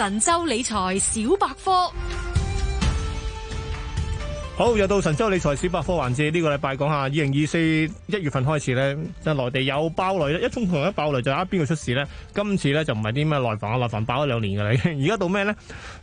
神州理財小百科。好，又到神州理財小百科環節。呢個禮拜講下，二零二四一月份開始咧，真係內地有爆雷。咧。一宗同一爆雷就啊，邊個出事咧？今次咧就唔係啲咩內房啊、內房爆咗兩年噶啦，而家到咩咧？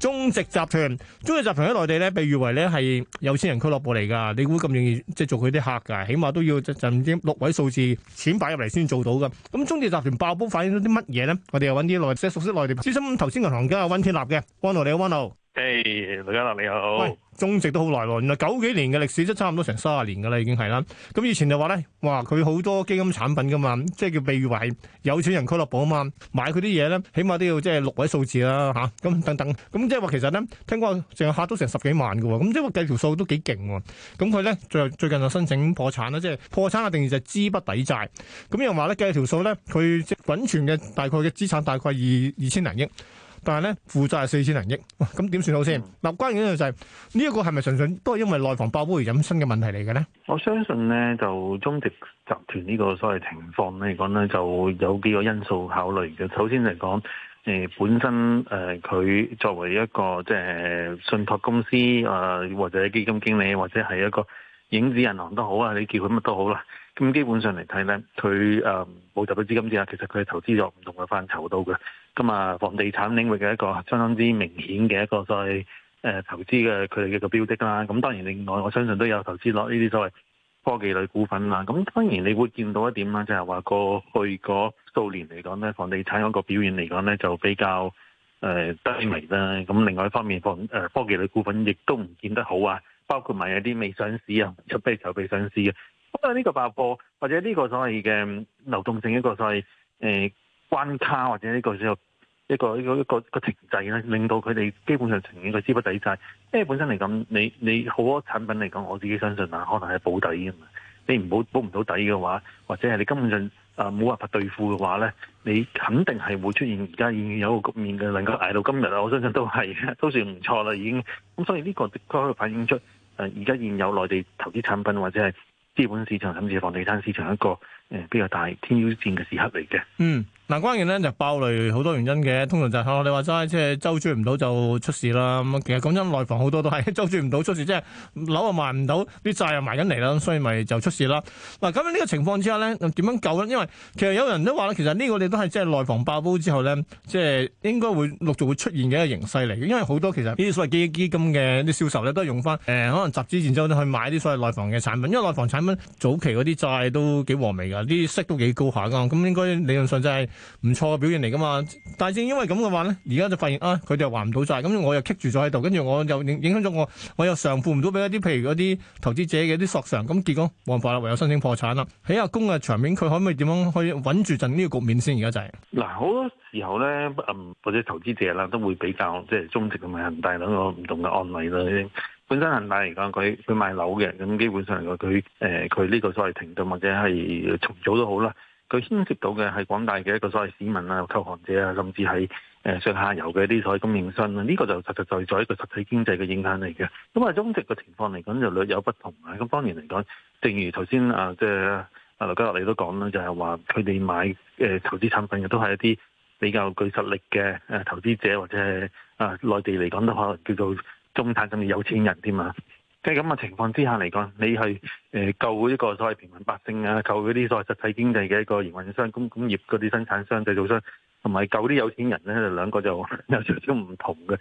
中植集團，中植集團喺內地咧，被譽為咧係有錢人俱樂部嚟噶，你估咁容易即係、就是、做佢啲客噶，起碼都要盡啲六位數字錢擺入嚟先做到噶。咁中植集團爆煲反映咗啲乜嘢咧？我哋又揾啲內熟悉內地資深頭先銀行家溫天立嘅，溫老李，溫老。誒、hey，大家樂你好。喂，中植都好耐喎，原來九幾年嘅歷史，即差唔多成三十年噶啦，已經係啦。咁以前就話咧，哇，佢好多基金產品噶嘛，即係叫被譽為有錢人俱樂部啊嘛。買佢啲嘢咧，起碼都要即係六位數字啦，吓、啊、咁等等。咁、嗯、即係話其實咧，聽講淨係吓都成十幾萬噶，咁即係計條數都幾勁。咁佢咧最最近就申請破產啦，即係破產嘅定義就係資不抵債。咁又話咧計條數咧，佢滾存嘅大概嘅資產大概二二千零億。但係咧，負債係四千零億，咁點算好先？嗱、嗯，關鍵嘅就係呢一個係咪純粹都係因為內房爆煲而引申嘅問題嚟嘅咧？我相信咧，就中植集團呢個所謂情況咧嚟講咧，就有幾個因素考慮嘅。首先嚟講，誒、呃、本身誒佢、呃、作為一個即係信託公司、呃、或者基金經理，或者係一個。影子銀行都好啊，你叫佢乜都好啦。咁基本上嚟睇咧，佢誒冇集到資金之下，其實佢係投資咗唔同嘅範疇度嘅。咁啊，房地產領域嘅一個相當之明顯嘅一個所謂誒、呃、投資嘅佢哋嘅個標的啦。咁當然，另外我相信都有投資落呢啲所謂科技類股份啦。咁當然你會見到一點啦，就係、是、話過去嗰數年嚟講咧，房地產嗰個表現嚟講咧就比較誒、呃、低迷啦。咁另外一方面，房誒科技類股份亦都唔見得好啊。包括埋一啲未上市啊，未出備籌備上市啊。咁啊，呢個爆破或者呢個所謂嘅流動性一個所謂誒、呃、關卡，或者呢個所一個一個一個一個停滯咧，令到佢哋基本上呈現一個資不抵債。因、哎、為本身嚟講，你你好多產品嚟講，我自己相信啊，可能係保底嘅嘛。你唔好保唔到底嘅話，或者係你根本上啊冇、呃、辦法兌付嘅話咧，你肯定係會出現而家已經有個局面嘅，能夠捱到今日啊，我相信都係，都算唔錯啦已經。咁所以呢個的確可以反映出。而家現有內地投資產品，或者係資本市場，甚至房地產市場一個誒比較大天要戰嘅時刻嚟嘅。嗯。嗱、啊，關鍵咧就是、爆雷好多原因嘅，通常就我、是啊、你話齋，即係周轉唔到就出事啦。咁其實講真，內房好多都係周轉唔到出事，即、就、係、是、樓又賣唔到，啲債又埋緊嚟啦，所以咪就出事啦。嗱、啊，咁樣呢個情況之下咧，點樣救咧？因為其實有人都話其實呢個你都係即係內房爆煲之後咧，即、就、係、是、應該會陸續會出現嘅一個形勢嚟嘅。因為好多其實啲所謂基金嘅啲銷售咧，都用翻、呃、可能集資然之後呢去買啲所謂內房嘅產品，因為內房產品早期嗰啲債都幾和味噶，啲息都幾高下噶，咁應該理論上就係、是。唔錯嘅表現嚟噶嘛，但係正因為咁嘅話咧，而家就發現啊，佢哋還唔到債，咁我又棘住咗喺度，跟住我又影響咗我，我又償付唔到俾一啲，譬如嗰啲投資者嘅啲索償，咁結果冇辦法啦，唯有申請破產啦。喺阿公嘅場面，佢可唔可以點樣去穩住陣呢個局面先？而家就嗱、是、好多時候咧、嗯，或者投資者啦都會比較即係中植同埋恒大兩個唔同嘅案例啦。本身恒大嚟講，佢佢買樓嘅，咁基本上個佢誒，佢呢、呃、個所謂停頓或者係重組都好啦。佢牽涉到嘅係廣大嘅一個所謂市民啊、購房者啊，甚至係誒上下游嘅一啲所謂供應商啊，呢個就實實在在一個實體經濟嘅影響嚟嘅。咁啊，中植嘅情況嚟講就略有不同啊。咁當然嚟講，正如頭先啊，即係啊劉家樂你都講啦，就係話佢哋買誒投資產品嘅都係一啲比較具實力嘅誒投資者，或者係啊內地嚟講都可能叫做中產甚至有錢人添啊。即係咁嘅情況之下嚟講，你去誒救嗰一個所謂平民百姓啊，救嗰啲所謂實體經濟嘅一個營運商、工工業嗰啲生產商、製造商，同埋救啲有錢人咧，兩個就有少少唔同嘅。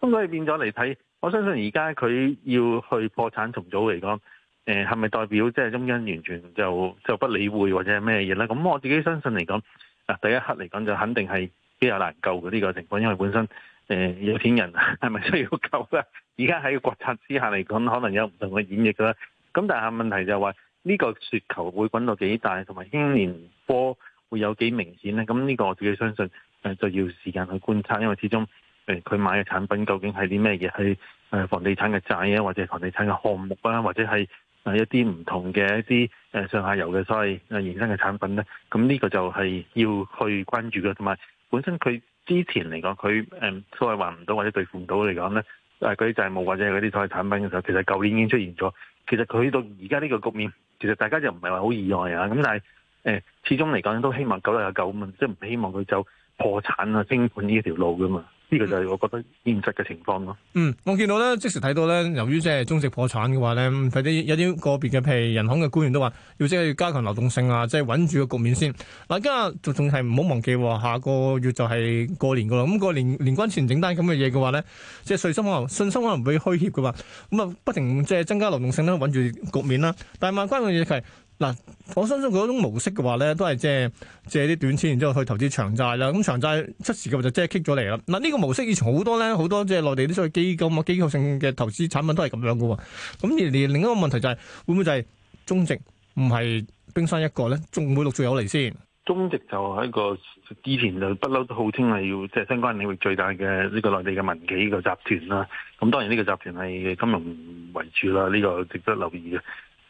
咁所以變咗嚟睇，我相信而家佢要去破產重組嚟講，誒係咪代表即係中央完全就就不理會或者咩嘢咧？咁我自己相信嚟講，嗱第一刻嚟講就肯定係比較難救嘅呢、這個情況，因為本身。誒、呃，有錢人係咪需要救咧？而家喺國策之下嚟講，可能有唔同嘅演繹啦。咁但係問題就係話呢個雪球會滾到幾大，同埋牽連波會有幾明顯呢？咁呢個我自己相信，誒、呃，就要時間去觀察，因為始終誒佢買嘅產品究竟係啲咩嘢？係誒房地產嘅債啊，或者房地產嘅項目啊，或者係誒一啲唔同嘅一啲誒上下游嘅所謂誒衍生嘅產品呢。咁呢個就係要去關注嘅，同埋。本身佢之前嚟講，佢誒所謂還唔到或者兌付唔到嚟講咧，佢啲債務或者嗰啲所謂產品嘅時候，其實舊年已經出現咗。其實佢到而家呢個局面，其實大家就唔係話好意外啊。咁但係誒、欸、始終嚟講都希望夠又夠咁，即係唔希望佢走破產啊清盤呢一條路噶嘛。呢、這個就係我覺得現實嘅情況咯。嗯，我見到咧，即時睇到咧，由於即係中植破產嘅話咧，啲、嗯、有啲個別嘅，譬如人行嘅官員都話，要即係要加強流動性啊，即係穩住個局面先。嗱，今日仲仲係唔好忘記，下個月就係過年噶啦。咁、那、過、個、年年關前整單咁嘅嘢嘅話咧，即係信心可能信心可能會虛怯嘅話。咁啊，不停即係增加流動性啦，穩住局面啦。但係萬關嘅嘢係。嗱，我相信佢嗰種模式嘅話咧，都係借借啲短錢，然之後去投資長債啦。咁長債出事嘅就即係 kick 咗嚟啦。嗱，呢個模式以前好多咧，好多即係內地啲所謂基金啊、機構性嘅投資產品都係咁樣嘅。咁而另一個問題就係、是，會唔會就係中植唔係冰山一角咧？仲會陸續有嚟先？中植就，就一個之前就不嬲都號稱係要即係相關領域最大嘅呢、這個內地嘅民企、這個集團啦。咁當然呢個集團係金融為主啦，呢、這個值得留意嘅。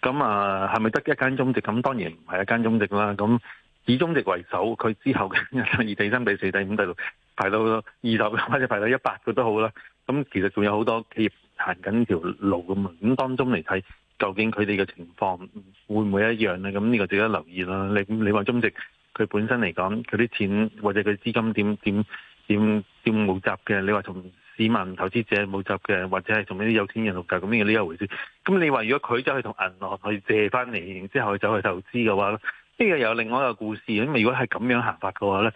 咁啊，係咪得一間中植？咁當然唔係一間中植啦。咁以中植為首，佢之後嘅第二、 第三、第四、第五、第六，排到二十或者排到一百個都好啦。咁其實仲有好多企業行緊條路噶嘛。咁當中嚟睇，究竟佢哋嘅情況會唔會一樣咧？咁呢個值得留意啦。你你話中植佢本身嚟講，佢啲錢或者佢資金點點點冇集嘅，你話從市民、投資者冇集嘅，或者係同啲有錢人入集咁樣呢一回事。咁你話如果佢走去同銀行去借翻嚟，然之後走去投資嘅話呢，呢個有另外一個故事。因為如果係咁樣行法嘅話呢，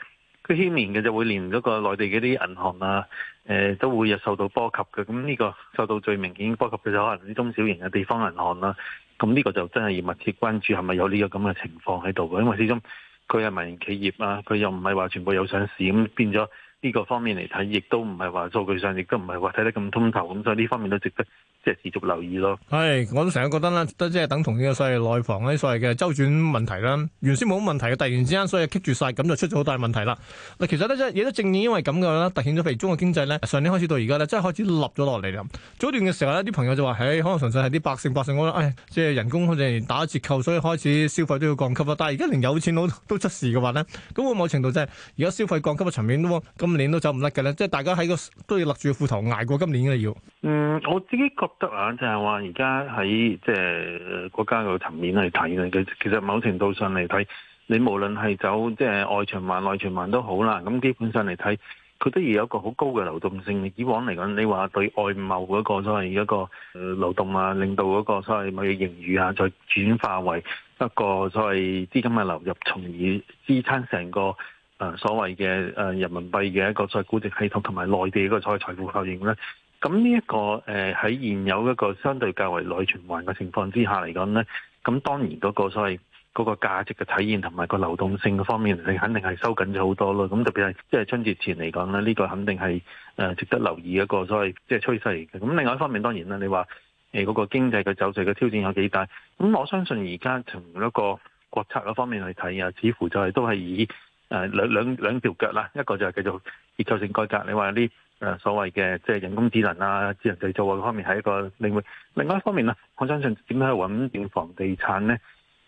佢牽連嘅就會連嗰個內地嗰啲銀行啊，誒、呃、都會受到波及嘅。咁呢個受到最明顯波及嘅就可能啲中小型嘅地方銀行啦。咁呢個就真係要密切關注係咪有呢個咁嘅情況喺度嘅，因為始終佢係民營企業啊，佢又唔係話全部有上市咁變咗。呢個方面嚟睇，亦都唔係話數據上，亦都唔係話睇得咁通透，咁所以呢方面都值得。即係持續留意咯。係，我都成日覺得咧，都即係等同啲嘅所謂內房啲所謂嘅周轉問題啦。原先冇問題嘅，突然之間所以棘住晒，咁就出咗好大問題啦。嗱，其實咧，亦都正因為咁嘅啦，凸顯咗譬如中國經濟咧。上年開始到而家咧，真係開始立咗落嚟啦。早段嘅時候咧，啲朋友就話，唉，可能純粹係啲百姓百姓覺得，唉，即係人工好似打折扣，所以開始消費都要降級啦。但係而家連有錢佬都出事嘅話咧，咁有冇程度啫，就係？而家消費降級嘅層面都，都今年都走唔甩嘅咧。即係大家喺個都要勒住褲頭捱過今年嘅要。嗯，我自己得、嗯、啊，就係話而家喺即係國家嘅層面嚟睇咧，其實某程度上嚟睇，你無論係走即係外循環、內循環都好啦。咁基本上嚟睇，佢都要有一個好高嘅流動性。以往嚟講，你話對外貿嗰、那個所謂一個流、呃、動啊，令到嗰、那個所謂貿易盈餘啊，再轉化為一個所謂資金嘅流入，從而支撐成個誒、呃、所謂嘅誒人民幣嘅一個所謂估值系統同埋內地一個所謂財富效應咧。咁呢一個誒喺、呃、現有一個相對較為內循環嘅情況之下嚟講呢，咁當然嗰個所謂嗰個價值嘅體現同埋個流動性嘅方面，你肯定係收緊咗好多咯。咁特別係即係春節前嚟講呢，呢、呢個肯定係誒、呃、值得留意一個所謂即係、就是、趨勢嚟嘅。咁另外一方面當然啦，你話嗰、呃那個經濟嘅走勢嘅挑戰有幾大？咁我相信而家從一個國策嗰方面去睇啊，似乎就係都係以誒、呃、兩兩兩條腳啦，一個就係繼續結構性改革。你話呢？誒所謂嘅即係人工智能啊、智能製造啊嗰方面係一個另外另外一方面啦、啊。我相信點樣去穩定房地產咧，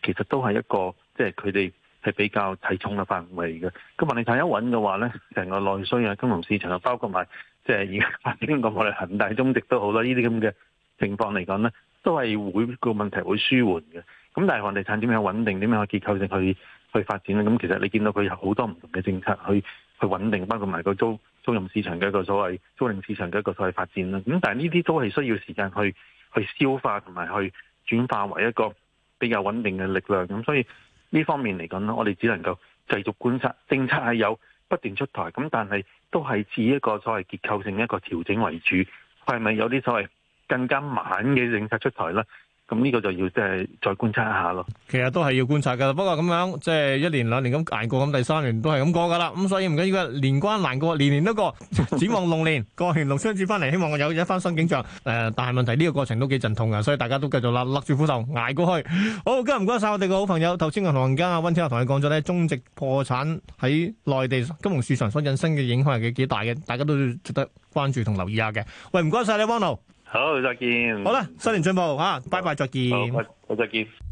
其實都係一個即係佢哋係比較睇重嘅範圍嘅。咁房地產一穩嘅話咧，成個內需啊、金融市場啊，包括埋即係而家發展咁，我哋恒大、中植都好啦，呢啲咁嘅情況嚟講咧，都係會個問題會舒緩嘅。咁但係房地產點樣去穩定？點樣去結構性去去發展咧？咁其實你見到佢有好多唔同嘅政策去去穩定，包括埋個租。租賃市場嘅一個所謂租賃市場嘅一個所謂發展啦，咁但係呢啲都係需要時間去去消化同埋去轉化為一個比較穩定嘅力量，咁所以呢方面嚟講呢，我哋只能夠繼續觀察，政策係有不斷出台，咁但係都係以一個所謂結構性嘅一個調整為主，係咪有啲所謂更加慢嘅政策出台呢？咁、這、呢個就要即係再觀察一下咯。其實都係要觀察噶啦，不過咁樣即係、就是、一年兩年咁捱過，咁第三年都係咁過噶啦。咁、嗯、所以唔緊要緊，年關難過，年年都過。展望龍年，過完龍年春節翻嚟，希望我有一番新景象。誒、呃，但係問題呢、這個過程都幾陣痛嘅，所以大家都繼續拉勒住褲頭捱過去。好，今日唔該晒我哋個好朋友，頭先銀行家阿温天納同你講咗咧，中植破產喺內地金融市場所引申嘅影響係幾幾大嘅，大家都要值得關注同留意下嘅。喂，唔該晒你，汪導。好，再見。好啦，新年進步吓，拜拜，再見。好，我再見。